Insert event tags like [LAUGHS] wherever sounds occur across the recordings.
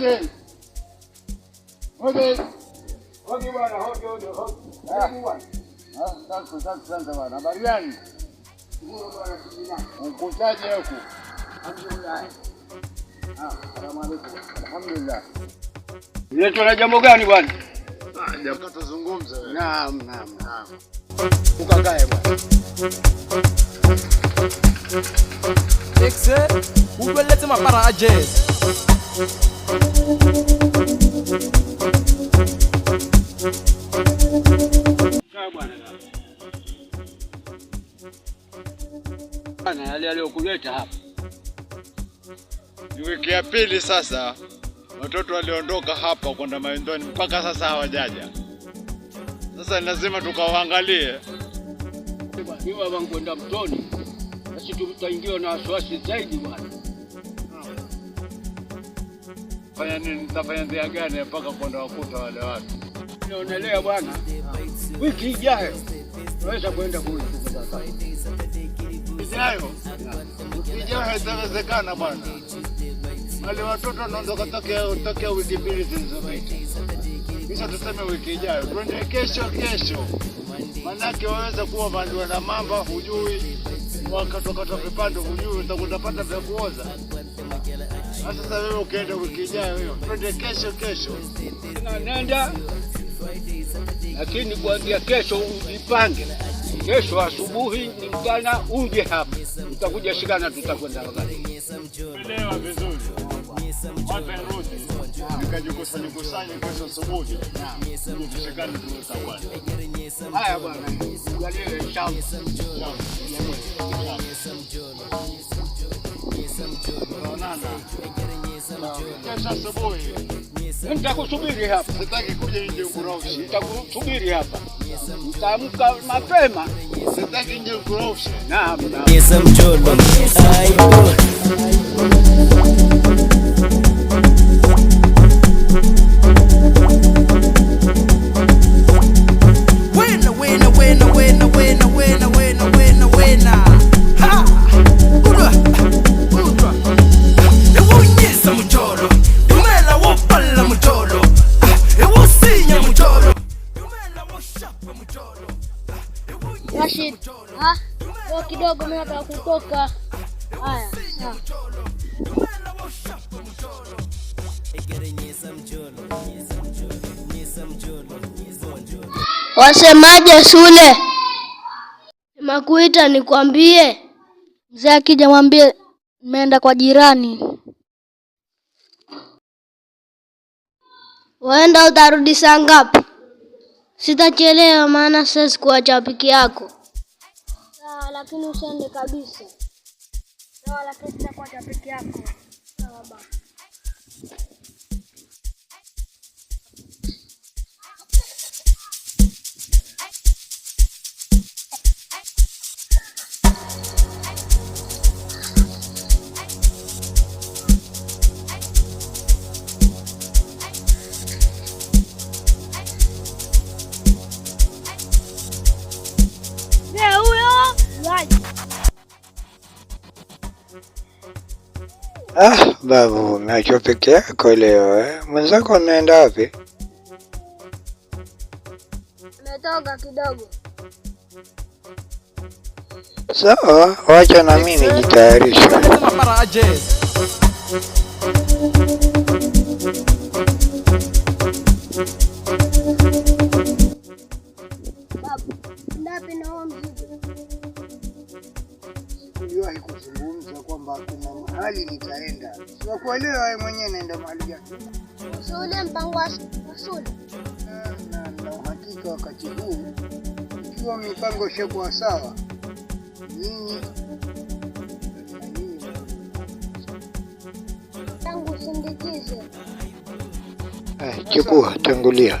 Oje. Oje. Oje bwana, oje oje oje. Ah, asante asante sana bwana. Habari gani? Ndio bwana kijana. Ukotaje huko? Alhamdulillah. Ah, salamu alaykum. Alhamdulillah. Yetu na jambo gani bwana? Ah, jambo tuzungumza Naam, naam, naam. Ukakae bwana. Exe, upelete mapara ajez yale aliyokuleta hapa ni wiki ya pili sasa. Watoto waliondoka hapa kwenda mawindoni, mpaka sasa hawajaja. Sasa ni lazima tukawaangalie wangu kwenda mtoni, basi tutaingiwa na wasiwasi zaidi bwana nitafanya nini, nitafanya njia gani mpaka kwenda wakuta wale watu. Unaelewa bwana, wiki ijayo tunaweza kwenda kule ijayo, ijayo itawezekana bwana. Wale watoto wanaondoka tokea wiki mbili zilizopita, kisha tuseme wiki ijayo twende, kesho kesho, manake waweza kuwa maliwa na mamba, hujui wakatokata vipande, hujui utakutapata vya kuoza. Sasa wewe ukienda wiki ijayo hiyo, twende kesho kesho, nenda lakini kuanzia kesho ujipange. Kesho asubuhi ni mchana uje hapa, tutakuja shikana, tutakwenda wakati vizuri. Kesho asubuhi nitakusubiri hapa, sitaki kuja nje kuraushi. Nitakusubiri hapa, nitaamka mapema, sitaki nje kuraushi. Naam, naam. kidogo, mimi nataka kutoka. Haya, wasemaje shule? Makuita nikwambie, mzee akija mwambie nimeenda kwa jirani. Waenda utarudi saa ngapi? Sitachelewa, maana sasa sikuacha peke yako lakini usiende kabisa. Sawa, lakini sitakuacha peke yako. Sawa baba. Ah, babu, umeachwa peke yako leo eh? Mwenzako anaenda wapi? Umetoka kidogo. Sawa, wacha na mimi jitayarisha. unaenda gani? mpango wa Na na uhakika wakati huu ikiwa mipango ishakuwa sawa, tangu sindikize, eh, chukua tangulia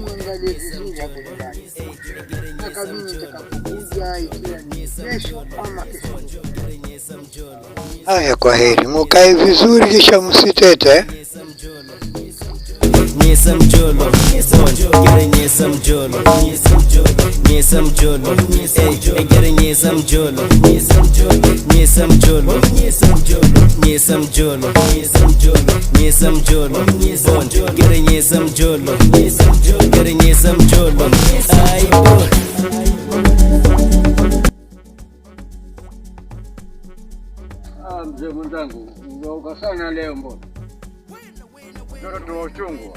mwangalie vizuri Haya, kwa heri, mukae vizuri, kisha msitete. Nisam Jolo, get a Nisam Jolo, Nisam Jolo, get a Nisam Jolo, Nisam Jolo, Nisam Jolo, Nisam Jolo, get a Nisam Jolo, get a Nisam Jolo, I boy. Mzee mwenzangu, ukasana leo mbona? Mtoto tuna uchungu.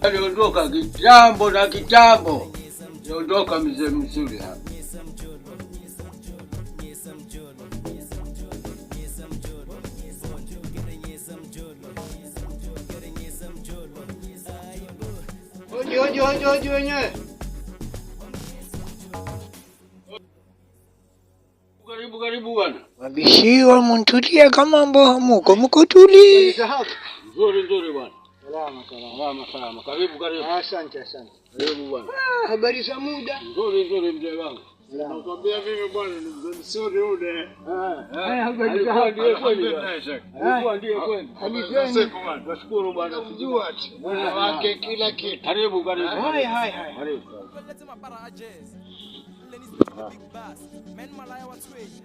Aliondoka kitambo na kitambo, aliondoka mzee mzuri hapa. karibu karibu bwana. Wabishia muntulia kama ambao muko mko Nzuri nzuri bwana. Salama salama salama. Karibu karibu. Asante asante. Karibu bwana. Ah, habari za muda? Nzuri nzuri mzee wangu. Nakwambia mimi bwana ni mzuri ule. Ah, ah. ah habari za hapo. Alikuwa ndiye kweli. Alikuwa. Nashukuru bwana. Unajua mwana wake kila kitu. Karibu karibu. Hai hai hai. Karibu. Lazima para ajes. Lenny big boss. Men malaya watu wengi.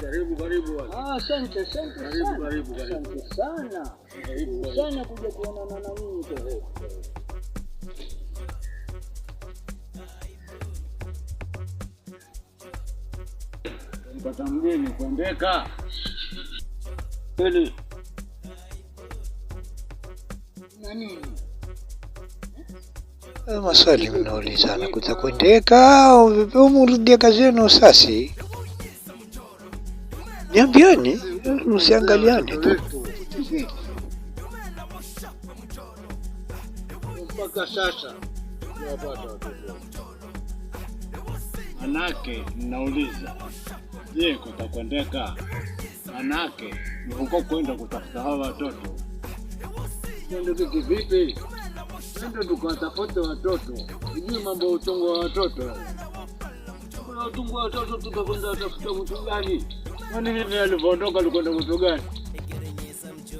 Karibu karibu. Ah, asante asante sana. Karibu sana. Karibu sana kuja kuonana na mimi tu. Pata mgeni kuendeka kweli na nini? Eh, maswali na kuta kuendeka au vipi? Umrudia kazi yenu sasi, niambiani, msiangaliane tu mpaka sasa. Manake mnauliza je, kutakwendeka? Manake ni huko kwenda kutafuta hawa watoto, ndio vipi? Nenda tukawatafuta watoto, sijui mambo ya wa watoto. Kuna utungu wa watoto, tutakwenda watafuta mtu gani? Kwani hivi alivyoondoka alikwenda mtu gani?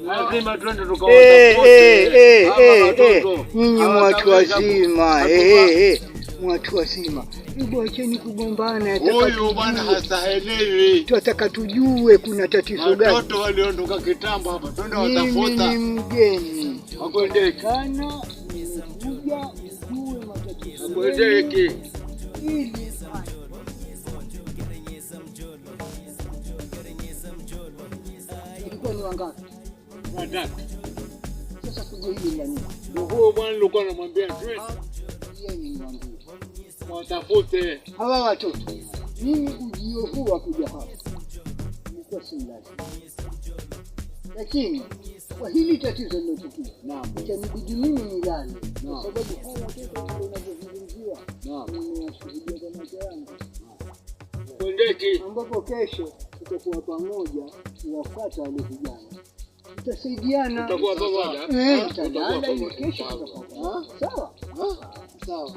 Lazima twende tukawatafuta. Eh, eh, eh, nyinyi mwatu wazima, watu wazima Acheni kugombana, huyu bwana hastaelewi. Twataka tujue kuna tatizo gani. Watoto waliondoka kitambo hapa, twende watafuta. ni mgeni, wakuendekana moja ujue matatizo ili ilikuwa ni wangapi? Watatu. Sasa kuja hili la nyuma, ndio bwana alikuwa anamwambia ah, watafute hawa watoto. Mimi ujio huu wa kuja hapa ilikuwa si lazima, lakini kwa hili tatizo lilotukia itanibidi mimi nilale kwa sababu haya kitu unavyozungumziwa nimewashuhudia kwa macho yangu, ambapo kesho tutakuwa pamoja kuwafata wale vijana, tutasaidiana, tutakuwa pamoja, eh, tutaenda kesho, sawa sawa.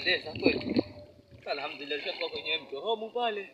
kuendesha kweli. Alhamdulillah, shakuwa kwenye mto homu pale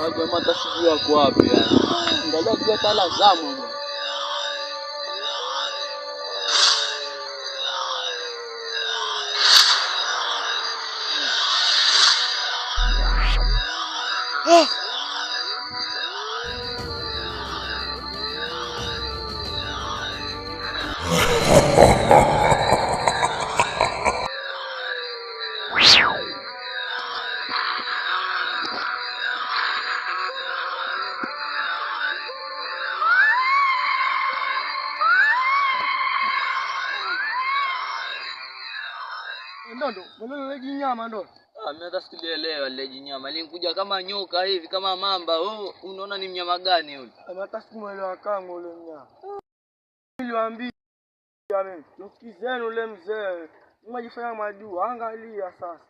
Hapo hata sijui yako wapi yani. Angalia pia tala zamu. Ah! [LAUGHS] nyama ndo ah, mimi hata leji nyama. Alinikuja kama nyoka hivi kama mamba. Oh, unaona ni mnyama gani yule? Ah, hata sikuelewa kama yule mnyama. Niliwaambia jamani, msikizeni yule mzee. Mmejifanya majua, angalia sasa.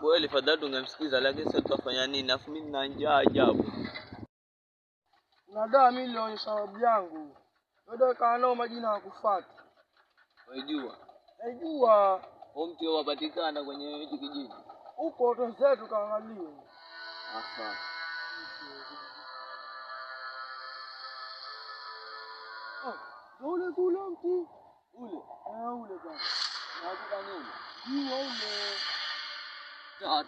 Kweli fadhali tungemsikiza, lakini sasa tutafanya nini? Afu mimi nina njaa ajabu. Nadaa mimi ni sababu yangu. Wewe kaanao majina ya kufuata. Unajua? Unajua mti wapatikana kwenye hichi kijiji huko, twende tukaangalie. Asante. Ah, ule kule mti ule, eh, ule bwana ule ah,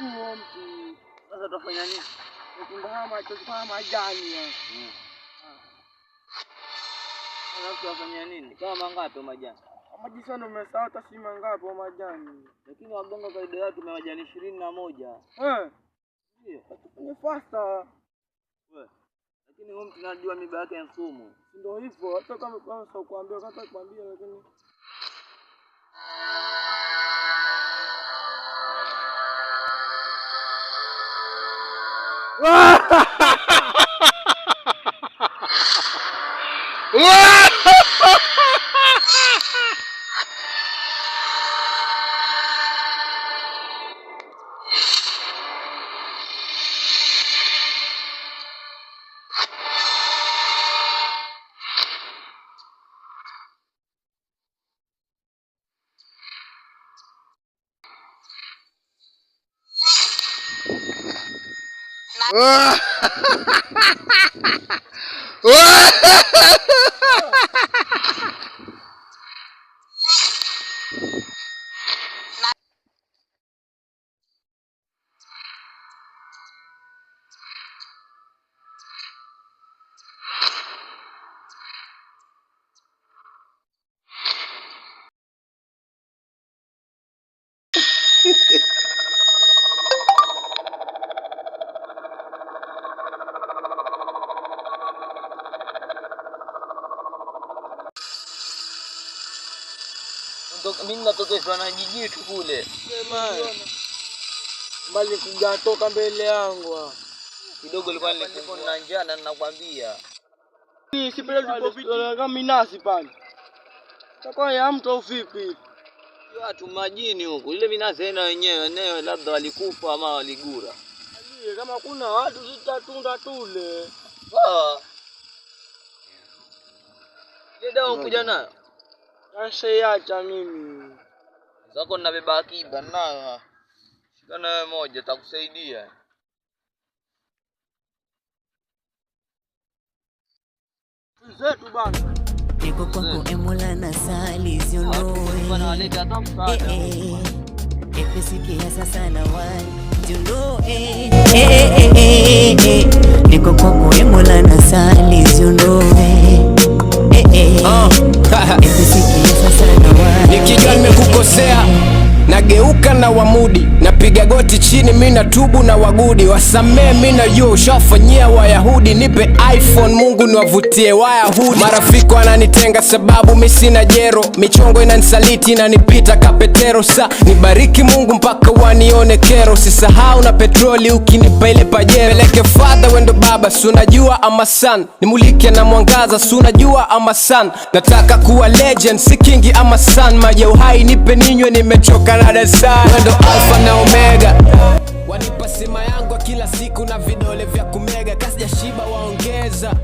uo mti. Sasa tufanya nini? Tukuhama, tukuhama majani Unafanya nini? Kama mangapi majani? Maji sana umesahau hata si mangapi majani. Lakini wagonga kaida yao tuna majani ishirini na moja. Eh. Ndio. Ni fasta. Wewe. Lakini huyu mtu anajua miba yake ya sumu. Ndio hivyo, hata kama kwa sababu kuambia hata kuambia lakini [LAUGHS] [LAUGHS] Whoa! 으아! 으아! [LAUGHS] mimi natokeshwa na jiji tu kule, Mbali kujatoka mbele yangu kidogo, ilikuwa nilikuwa na njaa na ninakwambia minasi pale ya mtu au vipi? Watu majini huku, ile minasi ina wenyewe nayo labda walikufa ama waligura. Kama kuna watu zitatunda tule ah. ile dawa kuja nayo Kashaiacha mimi. Zako nabeba akiba nayo. Shikana wewe moja takusaidia. Zetu bana. Niko kwako emola na sali zionoe. Eh, eh, eh. Epesikia sasa na wani zionoe. Niko kwako emola na sali zionoe. Epesikia ah nikijua nimekukosea nageuka na wamudi Piga goti chini, mi tubu na wagudi wasamee, mi najua ushawafanyia Wayahudi. Nipe iPhone Mungu niwavutie Wayahudi. Marafiki wananitenga sababu mi sina jero, michongo inanisaliti inanipita kapetero. Sa nibariki Mungu mpaka wanione kero, sisahau na petroli ukinipa ile pajero. Peleke father wendo baba, si unajua ama son, nimulike na mwangaza, si unajua ama son. Nataka kuwa legend, si kingi ama son, maji uhai nipe ninywe, nimechoka na desa Wendo alfa na omega mega Wanipa sima yangu kila siku na vidole vya kumega, kasi ya shiba waongeza